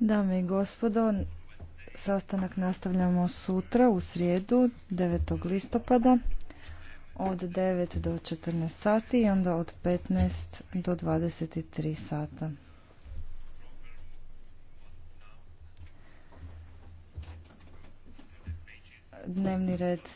Dame i gospodo, sastanak nastavljamo sutra u srijedu 9. listopada od 9 do 14 sati i onda od 15 do 23 sata. Dnevni red